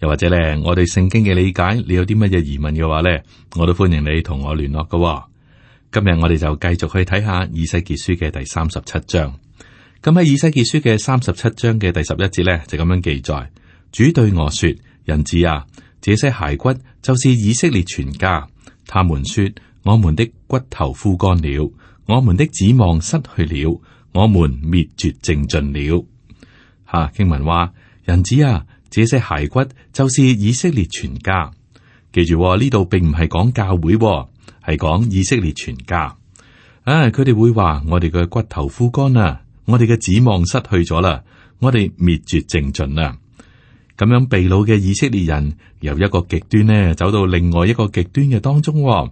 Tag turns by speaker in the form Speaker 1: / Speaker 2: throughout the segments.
Speaker 1: 又或者咧，我哋對聖經嘅理解，你有啲乜嘢疑問嘅話呢，我都歡迎你同我聯絡嘅、哦。今日我哋就繼續去睇下以西結書嘅第三十七章。咁喺以西結書嘅三十七章嘅第十一節呢，就咁樣記載：主對我說，人子啊，這些骸骨就是以色列全家。他們說：我們的骨頭枯乾了，我們的指望失去了，我們滅絕淨盡了。吓、啊、經文話：人子啊。這些骸骨就是以色列全家。記住喎，呢度並唔係講教會喎，係講以色列全家。唉、啊，佢哋會話我哋嘅骨頭枯乾啦，我哋嘅指望失去咗啦，我哋滅絕正盡啦。咁樣，被擄嘅以色列人由一個極端呢走到另外一個極端嘅當中喎。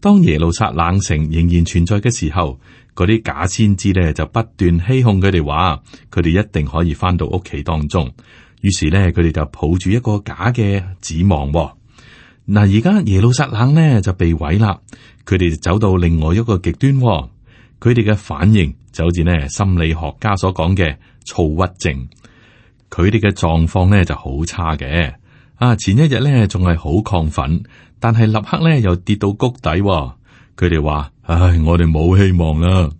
Speaker 1: 當耶路撒冷城仍然存在嘅時候，嗰啲假先知呢就不斷欺哄佢哋話，佢哋一定可以返到屋企當中。於是咧，佢哋就抱住一個假嘅指望喎。嗱，而家耶路撒冷咧就被毀啦，佢哋走到另外一個極端喎。佢哋嘅反應就好似咧心理學家所講嘅躁鬱症。佢哋嘅狀況咧就好差嘅。啊，前一日咧仲係好亢奮，但係立刻咧又跌到谷底喎。佢哋話：唉，我哋冇希望啦。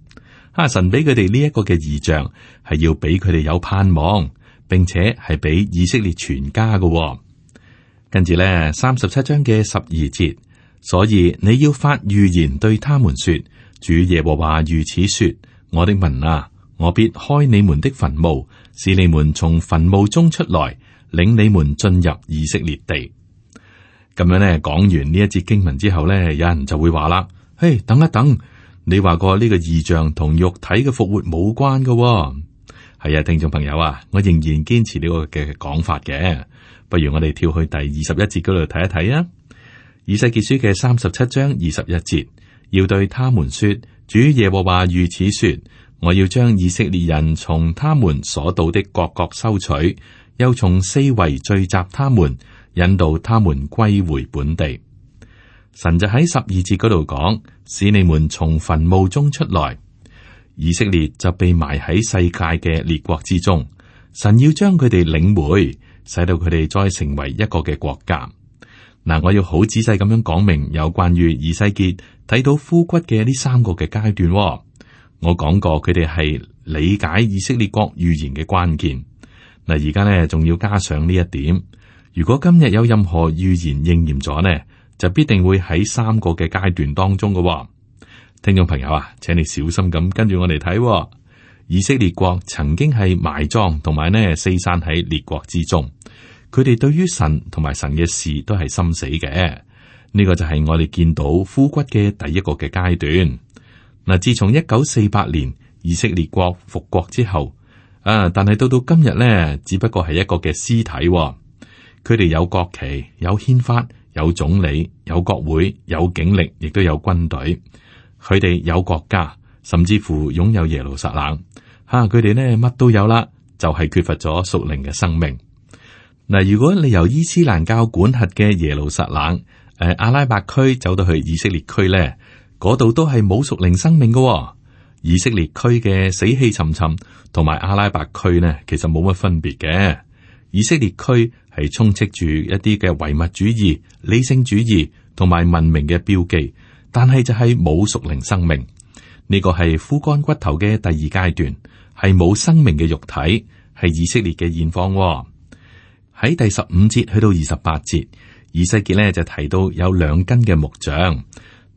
Speaker 1: 哈，神俾佢哋呢一個嘅異象，係要俾佢哋有盼望。並且係俾以色列全家噶、哦，跟住咧三十七章嘅十二節，所以你要發預言對他們說：主耶和華如此說，我的民啊，我必開你們的墳墓，使你們從墳墓中出來，領你們進入以色列地。咁樣咧，講完呢一節經文之後咧，有人就會話啦：嘿，等一等，你話過呢個異象同肉體嘅復活冇關噶、哦。係啊，聽眾朋友啊，我仍然堅持呢個嘅講法嘅，不如我哋跳去第二十一節嗰度睇一睇啊，《以西結書》嘅三十七章二十一節，要對他們說：主耶和華如此說，我要將以色列人從他們所到的各國收取，又從四圍聚集他們，引導他們歸回本地。神就喺十二節嗰度講，使你們從墳墓中出來。以色列就被埋喺世界嘅列國之中，神要將佢哋領回，使到佢哋再成為一個嘅國家。嗱，我要好仔細咁樣講明有關於以西結睇到枯骨嘅呢三個嘅階段。我講過佢哋係理解以色列國預言嘅關鍵。嗱，而家咧仲要加上呢一點，如果今日有任何預言應驗咗咧，就必定會喺三個嘅階段當中嘅話。聽眾朋友啊，請你小心咁跟住我嚟睇喎。以色列國曾經係埋葬，同埋呢四散喺列國之中。佢哋對於神同埋神嘅事都係心死嘅。呢個就係我哋見到枯骨嘅第一個嘅階段。嗱，自從一九四八年以色列國復國之後啊，但係到到今日呢，只不過係一個嘅屍體喎。佢哋有國旗，有憲法，有總理，有國會，有警力，亦都有軍隊。佢哋有國家，甚至乎擁有耶路撒冷，吓，佢哋咧乜都有啦，就係、是、缺乏咗屬靈嘅生命。嗱、啊，如果你由伊斯蘭教管轄嘅耶路撒冷，誒、啊、阿拉伯區走到去以色列區咧，嗰度都係冇屬靈生命嘅、哦。以色列區嘅死氣沉沉，同埋阿拉伯區呢，其實冇乜分別嘅。以色列區係充斥住一啲嘅唯物主義、理性主義同埋文明嘅標記。但係就係冇屬靈生命，呢個係枯乾骨頭嘅第二階段，係冇生命嘅肉體，係以色列嘅現況、哦。喺第十五節去到二十八節，以西結呢就提到有兩根嘅木杖。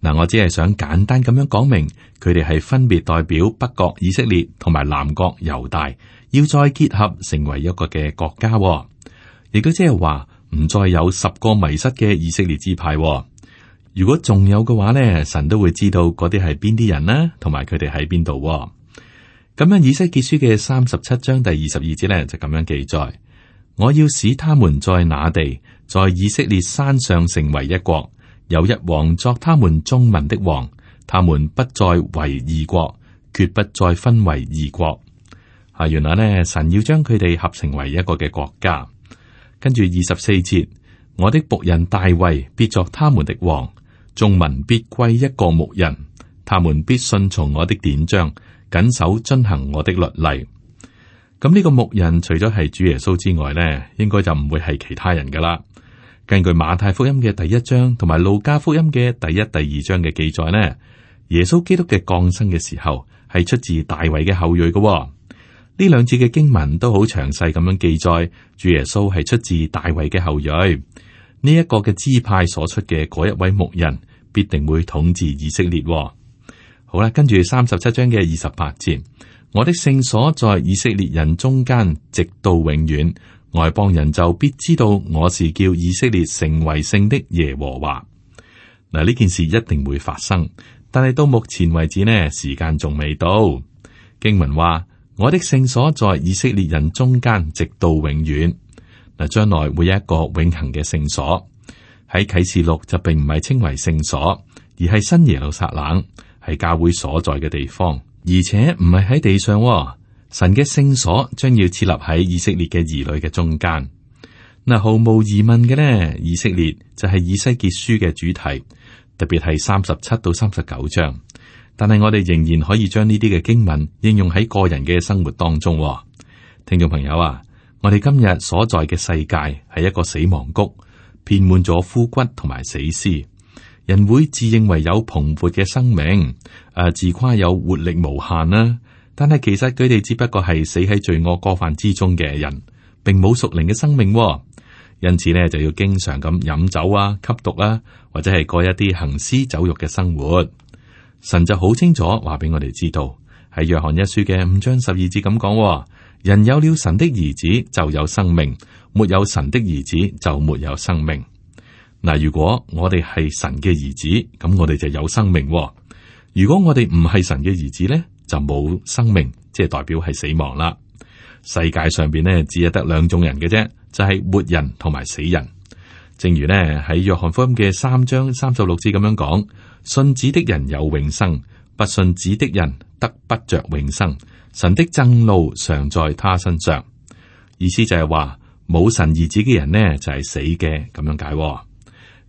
Speaker 1: 嗱，我只係想簡單咁樣講明，佢哋係分別代表北國以色列同埋南國猶大，要再結合成為一個嘅國家、哦，亦都即係話唔再有十個迷失嘅以色列支派、哦。如果仲有嘅話呢，神都會知道嗰啲係邊啲人啦，同埋佢哋喺邊度。咁樣以西結書嘅三十七章第二十二節呢，就咁樣記載：我要使他們在那地，在以色列山上成為一國，有一王作他們眾民的王，他們不再為二國，絕不再分為二國。啊，原來呢，神要將佢哋合成為一個嘅國家。跟住二十四節，我的僕人大衛必作他們的王。眾民必歸一個牧人，他們必順從我的典章，謹守遵行我的律例。咁呢個牧人除咗係主耶穌之外呢應該就唔會係其他人噶啦。根據馬太福音嘅第一章同埋路加福音嘅第一、第二章嘅記載呢，耶穌基督嘅降生嘅時候係出自大衛嘅後裔噶喎。呢兩節嘅經文都好詳細咁樣記載，主耶穌係出自大衛嘅後裔。呢一個嘅支派所出嘅嗰一位牧人必定會統治以色列哦。好啦，跟住三十七章嘅二十八節，我的聖所在以色列人中間，直到永遠。外邦人就必知道我是叫以色列成為聖的耶和華。嗱，呢件事一定會發生，但係到目前為止呢，時間仲未到。經文話，我的聖所在以色列人中間，直到永遠。嗱，將來會有一個永恒嘅聖所，喺啟示錄就並唔係稱為聖所，而係新耶路撒冷，係教會所在嘅地方，而且唔係喺地上，哦。神嘅聖所將要設立喺以色列嘅兒女嘅中間。嗱，毫無疑問嘅呢，以色列就係以西結書嘅主題，特別係三十七到三十九章。但係我哋仍然可以將呢啲嘅經文應用喺個人嘅生活當中，哦。聽眾朋友啊！我哋今日所在嘅世界係一個死亡谷，遍滿咗枯骨同埋死屍。人會自認為有蓬勃嘅生命，誒，自誇有活力無限啦。但係其實佢哋只不過係死喺罪惡過犯之中嘅人，並冇屬靈嘅生命，哦。因此呢，就要經常咁飲酒啊、吸毒啊，或者係過一啲行屍走肉嘅生活。神就好清楚話俾我哋知道，喺約翰一書嘅五章十二節咁講，哦。人有了神的兒子就有生命，沒有神的兒子就沒有生命。嗱，如果我哋係神嘅兒子，咁我哋就有生命；如果我哋唔係神嘅兒子咧、哦，就冇生命，即係代表係死亡啦。世界上邊咧只係得兩種人嘅啫，就係、是、活人同埋死人。正如咧喺約翰福音嘅三章三十六節咁樣講：信子的人有永生，不信子的人得不着永生。神的震怒常在他身上，意思就係話冇神兒子嘅人呢，就係死嘅咁樣解。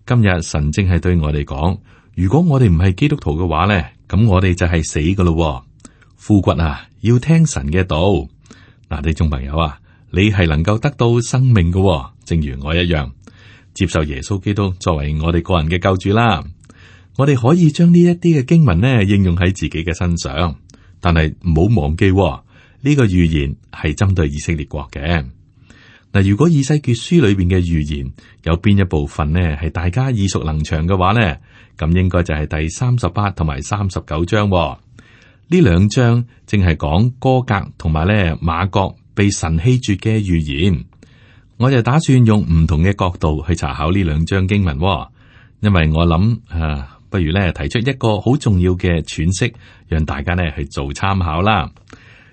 Speaker 1: 今日神正係對我哋講，如果我哋唔係基督徒嘅話呢，咁我哋就係死嘅咯。枯骨啊，要聽神嘅道。嗱，呢眾朋友啊，你係能夠得到生命嘅，正如我一樣，接受耶穌基督作為我哋個人嘅救主啦。我哋可以將呢一啲嘅經文呢，應用喺自己嘅身上。但係唔好忘記呢、哦，這個預言係針對以色列國嘅。嗱，如果以西結書裏邊嘅預言有邊一部分呢係大家耳熟能詳嘅話呢，咁應該就係第三十八同埋三十九章、哦。呢兩章正係講哥格同埋呢馬各被神棄絕嘅預言。我就打算用唔同嘅角度去查考呢兩章經文、哦，因為我諗啊。不如咧提出一個好重要嘅詮釋，讓大家呢去做參考啦。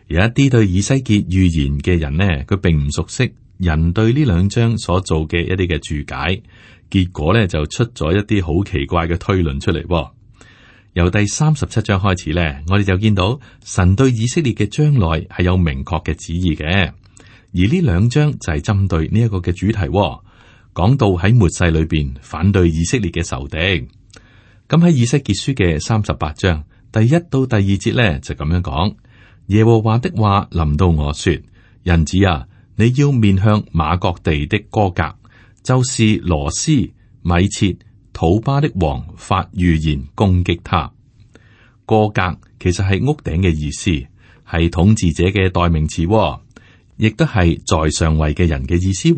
Speaker 1: 有一啲對以西結預言嘅人呢，佢並唔熟悉人對呢兩章所做嘅一啲嘅注解，結果呢就出咗一啲好奇怪嘅推論出嚟。由第三十七章開始呢，我哋就見到神對以色列嘅將來係有明確嘅旨意嘅，而呢兩章就係針對呢一個嘅主題，講到喺末世裏邊反對以色列嘅仇敵。咁喺以西結書嘅三十八章第一到第二節咧就咁樣講：耶和華的話臨到我說，人子啊，你要面向瑪各地的歌革，就是羅施、米設、土巴的王發預言攻擊他。歌革其實係屋頂嘅意思，係統治者嘅代名詞，亦都係在上位嘅人嘅意思。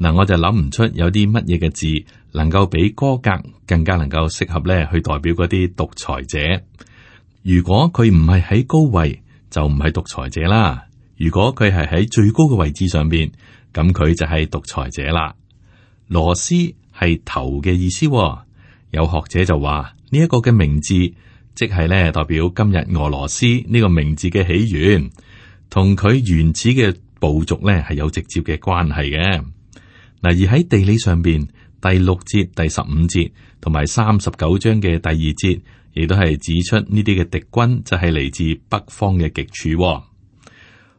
Speaker 1: 嗱，我就諗唔出有啲乜嘢嘅字能夠比歌革更加能夠適合咧，去代表嗰啲獨裁者。如果佢唔係喺高位，就唔係獨裁者啦。如果佢係喺最高嘅位置上邊，咁佢就係獨裁者啦。羅斯係頭嘅意思，哦，有學者就話呢一個嘅名字，即係咧代表今日俄羅斯呢個名字嘅起源，同佢原始嘅部族咧係有直接嘅關係嘅。嗱，而喺地理上邊，第六節、第十五節同埋三十九章嘅第二節，亦都係指出呢啲嘅敵軍就係嚟自北方嘅極處喎。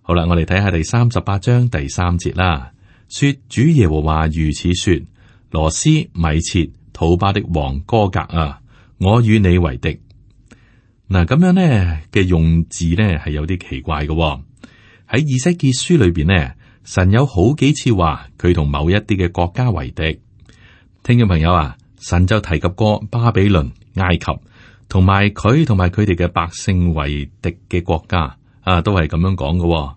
Speaker 1: 好啦，我哋睇下第三十八章第三節啦，說主耶和華如此說：羅斯、米切、土巴的王哥格啊，我與你為敵。嗱，咁樣呢嘅用字呢，係有啲奇怪嘅喎，喺以西結書裏邊呢。神有好幾次話佢同某一啲嘅國家為敵，聽眾朋友啊，神就提及過巴比倫、埃及，同埋佢同埋佢哋嘅百姓為敵嘅國家啊，都係咁樣講嘅喎。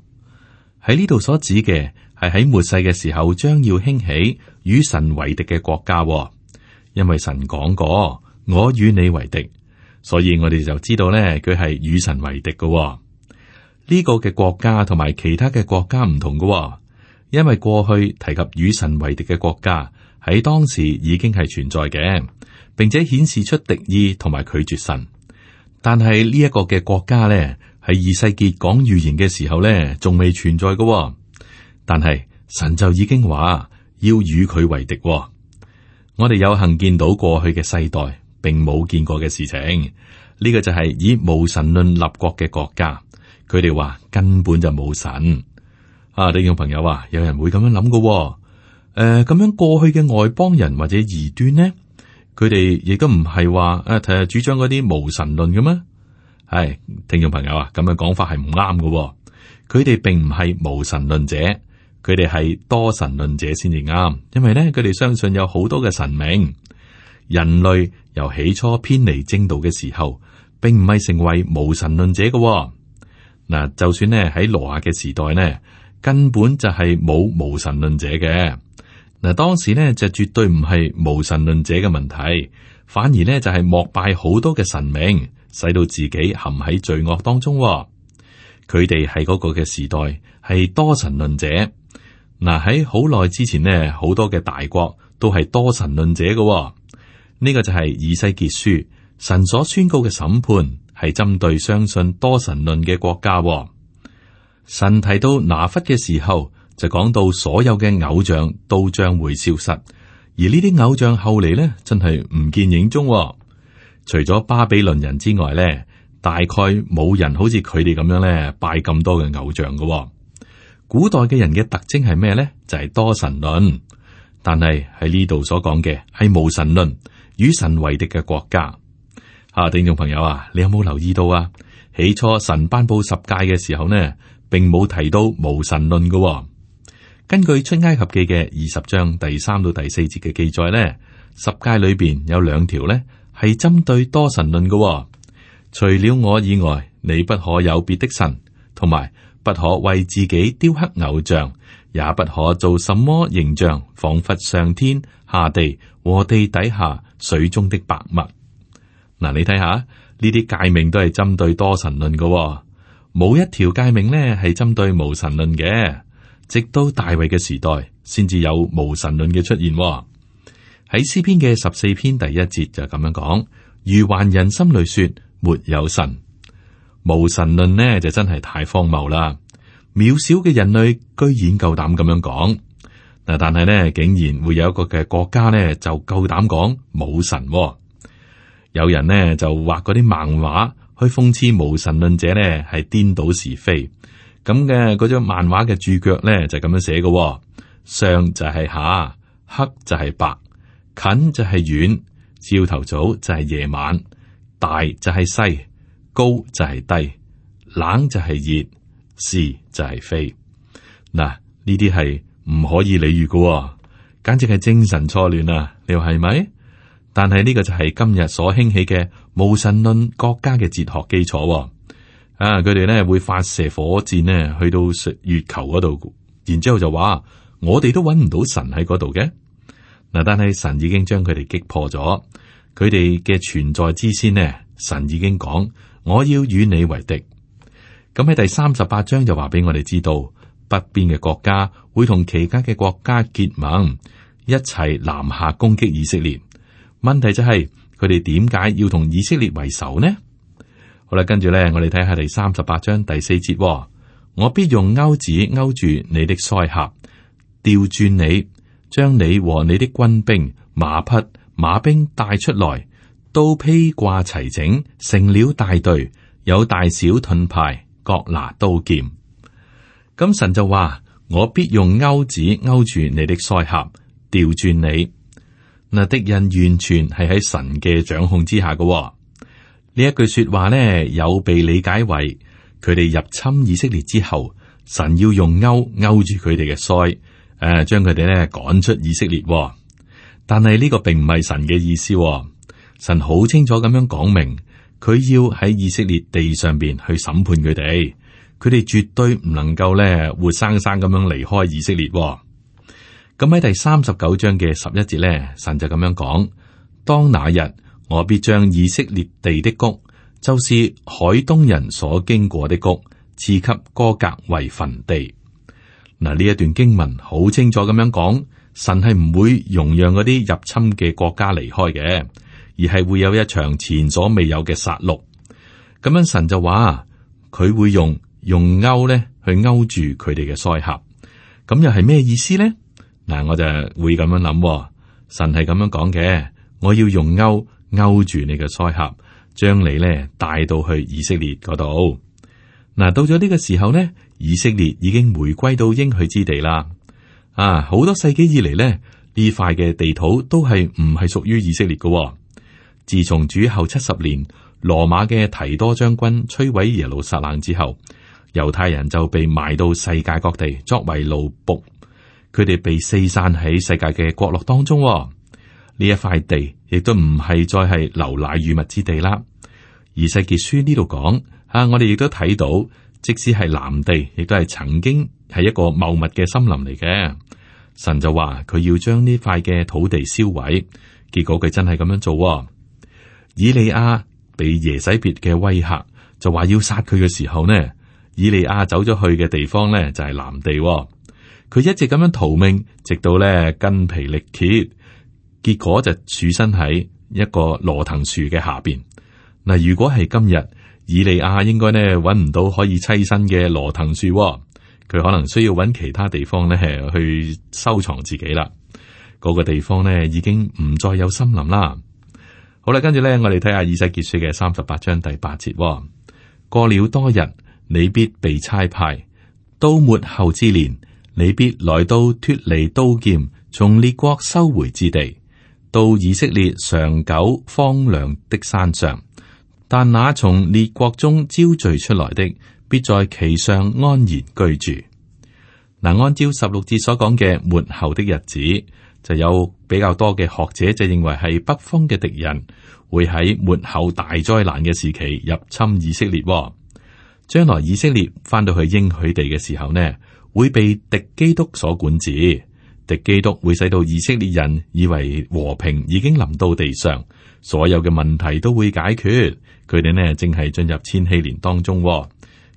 Speaker 1: 喺呢度所指嘅係喺末世嘅時候將要興起與神為敵嘅國家喎，因為神講過我與你為敵，所以我哋就知道咧佢係與神為敵嘅喎。呢個嘅國家同埋其他嘅國家唔同㗎喎，因為過去提及與神為敵嘅國家喺當時已經係存在嘅，並且顯示出敵意同埋拒絕神。但係呢一個嘅國家呢，喺以西結講預言嘅時候呢，仲未存在㗎喎。但係神就已經話要與佢為敵喎。我哋有幸見到過去嘅世代，並冇見過嘅事情，呢個就係以無神論立國嘅國家。佢哋話根本就冇神啊！聽眾朋友啊，有人會咁樣諗嘅誒，咁、呃、樣過去嘅外邦人或者異端呢？佢哋亦都唔係話誒，提、啊、下主張嗰啲無神論嘅咩？係、哎、聽眾朋友啊，咁樣講法係唔啱嘅。佢哋並唔係無神論者，佢哋係多神論者先至啱。因為咧，佢哋相信有好多嘅神明。人類由起初偏離正道嘅時候，並唔係成為無神論者嘅、哦。嗱，就算咧喺羅馬嘅時代咧，根本就係冇無神論者嘅。嗱，當時咧就絕對唔係無神論者嘅問題，反而呢，就係膜拜好多嘅神明，使到自己陷喺罪惡當中。佢哋喺嗰個嘅時代係多神論者。嗱喺好耐之前呢，好多嘅大國都係多神論者嘅。呢個就係以西結書神所宣告嘅審判。係針對相信多神論嘅國家、哦。神提到拿弗嘅時候，就講到所有嘅偶像都將會消失，而呢啲偶像後嚟呢，真係唔見影蹤、哦。除咗巴比倫人之外呢，大概冇人好似佢哋咁樣咧拜咁多嘅偶像嘅、哦。古代嘅人嘅特徵係咩呢？就係、是、多神論。但係喺呢度所講嘅係無神論與神為敵嘅國家。下、啊、聽眾朋友啊，你有冇留意到啊？起初神頒布十誡嘅時候呢，並冇提到無神論㗎喎。根據出埃及記嘅二十章第三到第四節嘅記載呢，十誡裏邊有兩條呢係針對多神論㗎喎。除了我以外，你不可有別的神，同埋不可為自己雕刻偶像，也不可做什麼形象，仿佛上天、下地和地底下水中的百物。嗱、啊，你睇下呢啲誡命都係針對多神論嘅，哦，冇一條誡命呢係針對無神論嘅。直到大衛嘅時代，先至有無神論嘅出現，哦。喺詩篇嘅十四篇第一節就咁樣講：愚頑人心裡說沒有神，無神論呢就真係太荒謬啦！渺小嘅人類居然夠膽咁樣講，嗱，但係呢，竟然會有一個嘅國家呢，就夠膽講冇神，哦。有人呢就畫嗰啲漫畫，去諷刺無神論者呢係顛倒是非，咁嘅嗰張漫畫嘅注腳呢就係咁樣寫嘅喎，上就係下，黑就係白，近就係遠，朝頭早就係夜晚，大就係細，高就係低，冷就係熱，就是就係非。嗱，呢啲係唔可以理喻嘅、喎，簡直係精神錯亂啊！你話係咪？但係呢個就係今日所興起嘅無神論國家嘅哲學基礎。啊，佢哋咧會發射火箭呢去到月球嗰度，然之後就話我哋都揾唔到神喺嗰度嘅。嗱，但係神已經將佢哋擊破咗，佢哋嘅存在之先呢，神已經講，我要與你為敵。咁喺第三十八章就話俾我哋知道，北邊嘅國家會同其他嘅國家結盟，一齊南下攻擊以色列。問題就係佢哋點解要同以色列為仇呢？好啦，跟住咧，我哋睇下第三十八章第四節、哦。我必用鈎子勾住你的腮頰，調轉你，將你和你的軍兵、馬匹、馬兵帶出來，都披掛齊整，成了大隊，有大小盾牌，各拿刀劍。咁神就話：我必用鈎子勾住你的腮頰，調轉你。那敵人完全係喺神嘅掌控之下嘅、哦，呢一句說話咧，有被理解為佢哋入侵以色列之後，神要用勾勾住佢哋嘅腮，誒、啊，將佢哋咧趕出以色列、哦。但係呢個並唔係神嘅意思、哦，神好清楚咁樣講明，佢要喺以色列地上邊去審判佢哋，佢哋絕對唔能夠咧活生生咁樣離開以色列、哦。咁喺第三十九章嘅十一節咧，神就咁樣講：當那日，我必將以色列地的谷，就是海東人所經過的谷，賜給哥格為墳地。嗱，呢一段經文好清楚咁樣講，神係唔會容讓嗰啲入侵嘅國家離開嘅，而係會有一場前所未有嘅殺戮。咁樣神就話佢會用用鈎咧去鈎住佢哋嘅腮合，咁又係咩意思咧？嗱，我就會咁樣諗、哦，神係咁樣講嘅，我要用勾勾住你嘅腮頰，將你咧帶到去以色列嗰度。嗱，到咗呢個時候呢，以色列已經回歸到應許之地啦。啊，好多世紀以嚟呢，呢塊嘅地土都係唔係屬於以色列嘅、哦。自從主後七十年羅馬嘅提多將軍摧毀耶路撒冷之後，猶太人就被賣到世界各地作為奴僕。佢哋被四散喺世界嘅角落當中、哦，呢一塊地亦都唔係再係流奶與蜜之地啦。而世《以西結書》呢度講，吓我哋亦都睇到，即使係南地，亦都係曾經係一個茂密嘅森林嚟嘅。神就話佢要將呢塊嘅土地燒毀，結果佢真係咁樣做、哦。以利亞被耶洗別嘅威嚇，就話要殺佢嘅時候呢，以利亞走咗去嘅地方呢，就係南地、哦。佢一直咁樣逃命，直到咧筋疲力竭，結果就處身喺一個羅藤樹嘅下邊嗱。如果係今日，以利亞應該咧揾唔到可以棲身嘅羅藤樹，佢可能需要揾其他地方咧去收藏自己啦。嗰、那個地方咧已經唔再有森林啦。好啦，跟住咧，我哋睇下以西結書嘅三十八章第八節、哦。過了多日，你必被差派，到末後之年。你必來到脫離刀劍、從列國收回之地，到以色列長久荒涼的山上。但那從列國中招聚出來的，必在其上安然居住。嗱，按照十六節所講嘅末後的日子，就有比較多嘅學者就認為係北方嘅敵人會喺末後大災難嘅時期入侵以色列。將來以色列翻到去應許地嘅時候呢，會被敵基督所管治，敵基督會使到以色列人以為和平已經臨到地上，所有嘅問題都會解決。佢哋呢正係進入千禧年當中，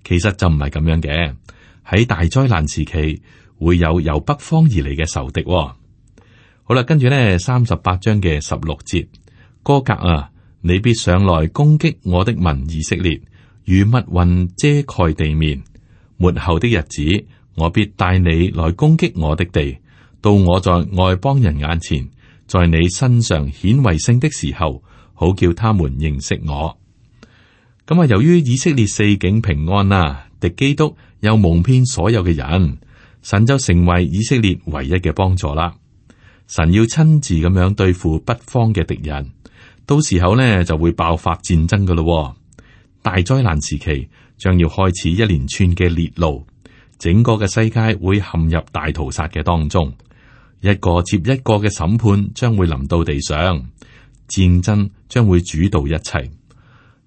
Speaker 1: 其實就唔係咁樣嘅。喺大災難時期會有由北方而嚟嘅仇敵。好啦，跟住呢三十八章嘅十六節，哥格啊，你必上來攻擊我的民以色列，如密雲遮蓋地面，末後的日子。我必帶你來攻擊我的地，到我在外邦人眼前，在你身上顯為聖的時候，好叫他們認識我。咁啊，由於以色列四境平安啊，敵基督又蒙騙所有嘅人，神就成為以色列唯一嘅幫助啦。神要親自咁樣對付北方嘅敵人，到時候呢就會爆發戰爭噶咯，大災難時期將要開始一連串嘅烈怒。整個嘅世界會陷入大屠殺嘅當中，一個接一個嘅審判將會臨到地上，戰爭將會主導一切。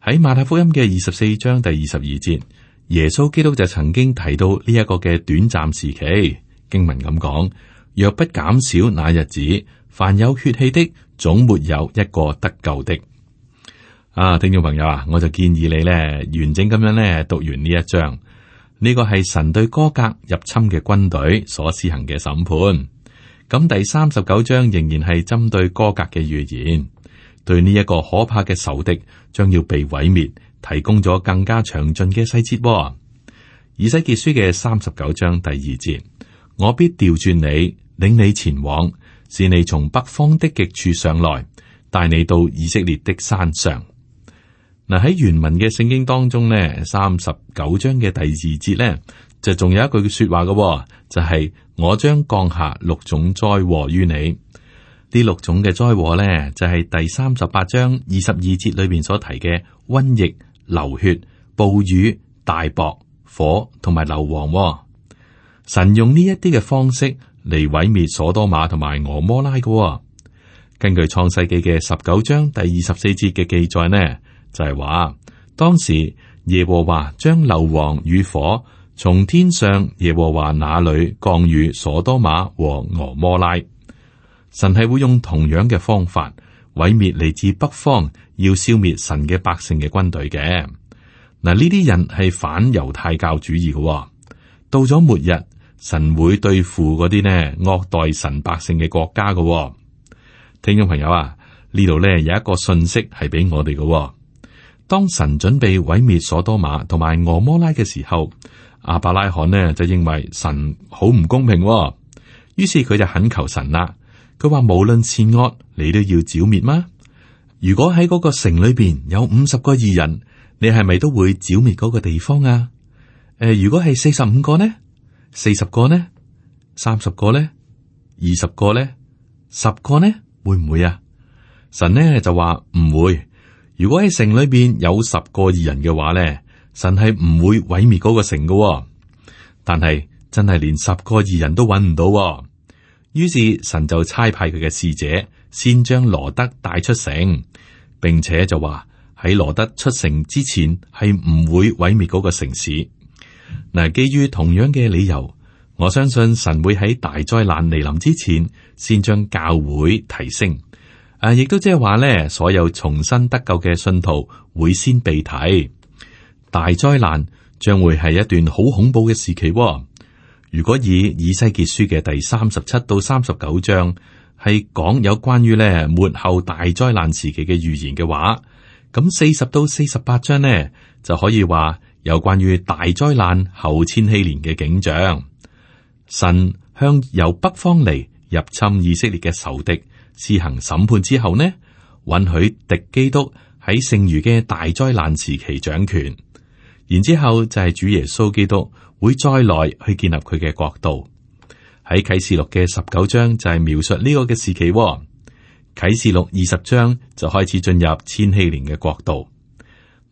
Speaker 1: 喺馬太福音嘅二十四章第二十二節，耶穌基督就曾經提到呢一個嘅短暫時期。經文咁講：若不減少那日子，凡有血氣的總沒有一個得救的。啊，聽眾朋友啊，我就建議你呢，完整咁樣呢讀完呢一章。呢個係神對哥格入侵嘅軍隊所施行嘅審判。咁第三十九章仍然係針對哥格嘅預言，對呢一個可怕嘅仇敵將要被毀滅，提供咗更加詳盡嘅細節噃。以西結書嘅三十九章第二節：我必調轉你，領你前往，使你從北方的極處上來，帶你到以色列的山上。嗱，喺原文嘅聖經當中呢，三十九章嘅第二節呢，就仲有一句說話嘅，就係、是、我將降下六種災禍於你。呢六種嘅災禍呢，就係第三十八章二十二節裏面所提嘅瘟疫、流血、暴雨、大雹、火同埋硫磺。神用呢一啲嘅方式嚟毀滅所多瑪同埋俄摩拉嘅。根據創世紀嘅十九章第二十四節嘅記載呢，就係話啊，當時耶和華將硫磺與火從天上耶和華那裏降於所多瑪和俄摩拉。神係會用同樣嘅方法毀滅嚟自北方要消滅神嘅百姓嘅軍隊嘅。嗱，呢啲人係反猶太教主義嘅。到咗末日，神會對付嗰啲呢惡待神百姓嘅國家嘅。聽眾朋友啊，呢度咧有一個信息係俾我哋嘅。當神準備毀滅所多瑪同埋俄摩拉嘅時候，亞伯拉罕呢就認為神好唔公平，哦，於是佢就懇求神啦。佢話無論善惡，你都要剿滅嗎？如果喺嗰個城裏邊有五十個義人，你係咪都會剿滅嗰個地方啊？誒、呃，如果係四十五個呢？四十個呢？三十個呢？二十個呢？十個呢？會唔會啊？神呢就話唔會。如果喺城裏邊有十個義人嘅話咧，神係唔會毀滅嗰個城嘅、哦。但係真係連十個義人都搵唔到、哦，於是神就差派佢嘅使者先將羅德帶出城，並且就話喺羅德出城之前係唔會毀滅嗰個城市。嗱，基於同樣嘅理由，我相信神會喺大災難嚟臨之前先將教會提升。誒，亦都即係話呢，所有重新得救嘅信徒會先被提。大災難將會係一段好恐怖嘅時期。如果以以西結書嘅第三十七到三十九章係講有關於呢末後大災難時期嘅預言嘅話，咁四十到四十八章呢，就可以話有關於大災難後千禧年嘅景象，神向由北方嚟入侵以色列嘅仇敵。施行審判之後呢，允許敵基督喺剩餘嘅大災難時期掌權，然之後就係主耶穌基督會再來去建立佢嘅國度。喺啟示錄嘅十九章就係描述呢個嘅時期，哦，啟示錄二十章就開始進入千禧年嘅國度。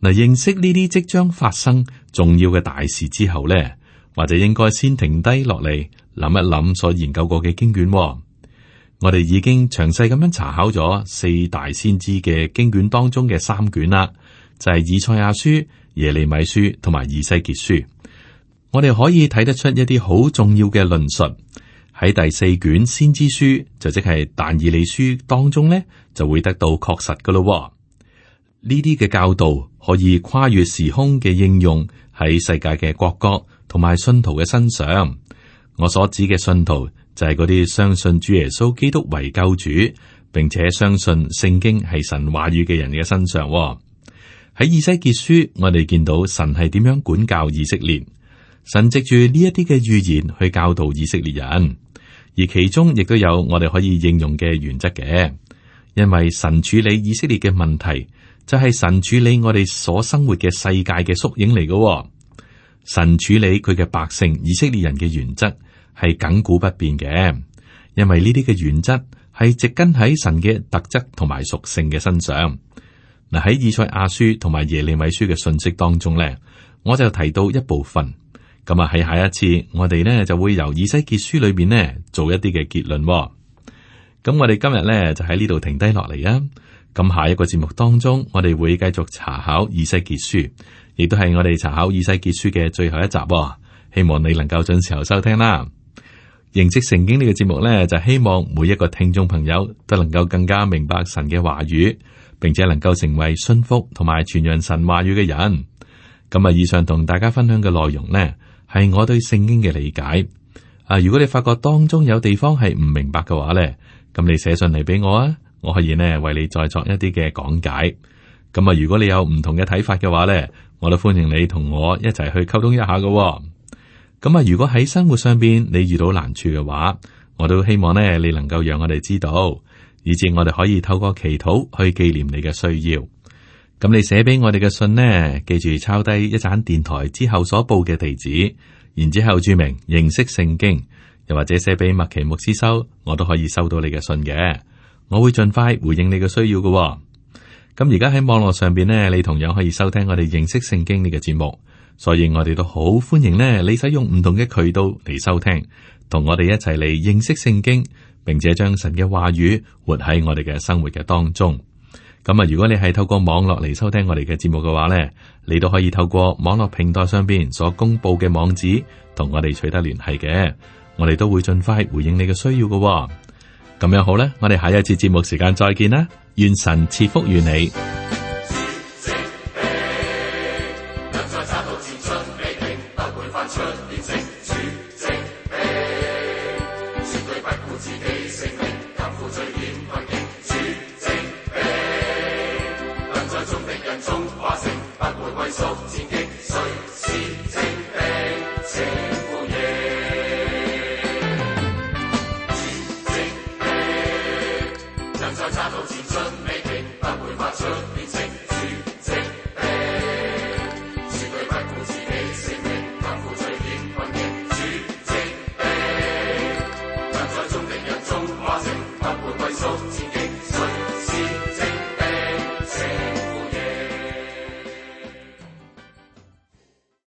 Speaker 1: 嗱，認識呢啲即將發生重要嘅大事之後咧，或者應該先停低落嚟諗一諗所研究過嘅經卷，哦。我哋已經詳細咁樣查考咗四大先知嘅經卷當中嘅三卷啦，就係以賽亞書、耶利米書同埋以西結書。我哋可以睇得出一啲好重要嘅論述，喺第四卷先知書，就即係但以理書當中咧，就會得到確實噶咯。呢啲嘅教導可以跨越時空嘅應用喺世界嘅各國同埋信徒嘅身上。我所指嘅信徒。就係嗰啲相信主耶穌基督為救主，並且相信聖經係神話語嘅人嘅身上、哦。喺以西結書，我哋見到神係點樣管教以色列，神藉住呢一啲嘅預言去教導以色列人，而其中亦都有我哋可以應用嘅原則嘅。因為神處理以色列嘅問題，就係、是、神處理我哋所生活嘅世界嘅縮影嚟嘅、哦。神處理佢嘅百姓以色列人嘅原則。係亘古不變嘅，因為呢啲嘅原則係植根喺神嘅特質同埋屬性嘅身上嗱。喺以賽亞書同埋耶利米書嘅信息當中咧，我就提到一部分咁啊。喺下一次我哋咧就會由以西結書裏邊咧做一啲嘅結論。咁我哋今日咧就喺呢度停低落嚟啊。咁下一個節目當中，我哋會繼續查考以西結書，亦都係我哋查考以西結書嘅最後一集。希望你能夠準時候收聽啦。認識聖經呢個節目呢，就希望每一個聽眾朋友都能夠更加明白神嘅話語，並且能夠成為信服同埋傳揚神話語嘅人。咁啊，以上同大家分享嘅內容呢，係我對聖經嘅理解。啊，如果你發覺當中有地方係唔明白嘅話呢，咁你寫信嚟俾我啊，我可以呢，為你再作一啲嘅講解。咁啊，如果你有唔同嘅睇法嘅話呢，我都歡迎你同我一齊去溝通一下嘅。咁啊！如果喺生活上邊，你遇到難處嘅話，我都希望咧你能夠讓我哋知道，以至我哋可以透過祈禱去紀念你嘅需要。咁你寫俾我哋嘅信咧，記住抄低一盞電台之後所報嘅地址，然之後注明認識聖經，又或者寫俾麥奇牧師收，我都可以收到你嘅信嘅。我會盡快回應你嘅需要嘅。咁而家喺網絡上邊咧，你同樣可以收聽我哋認識聖經呢個節目。所以我哋都好歡迎咧，你使用唔同嘅渠道嚟收聽，同我哋一齊嚟認識聖經，並且將神嘅話語活喺我哋嘅生活嘅當中。咁啊，如果你係透過網絡嚟收聽我哋嘅節目嘅話咧，你都可以透過網絡平台上邊所公布嘅網址，同我哋取得聯繫嘅。我哋都會盡快回應你嘅需要嘅。咁樣好咧，我哋下一次節目時間再見啦，願神賜福與你。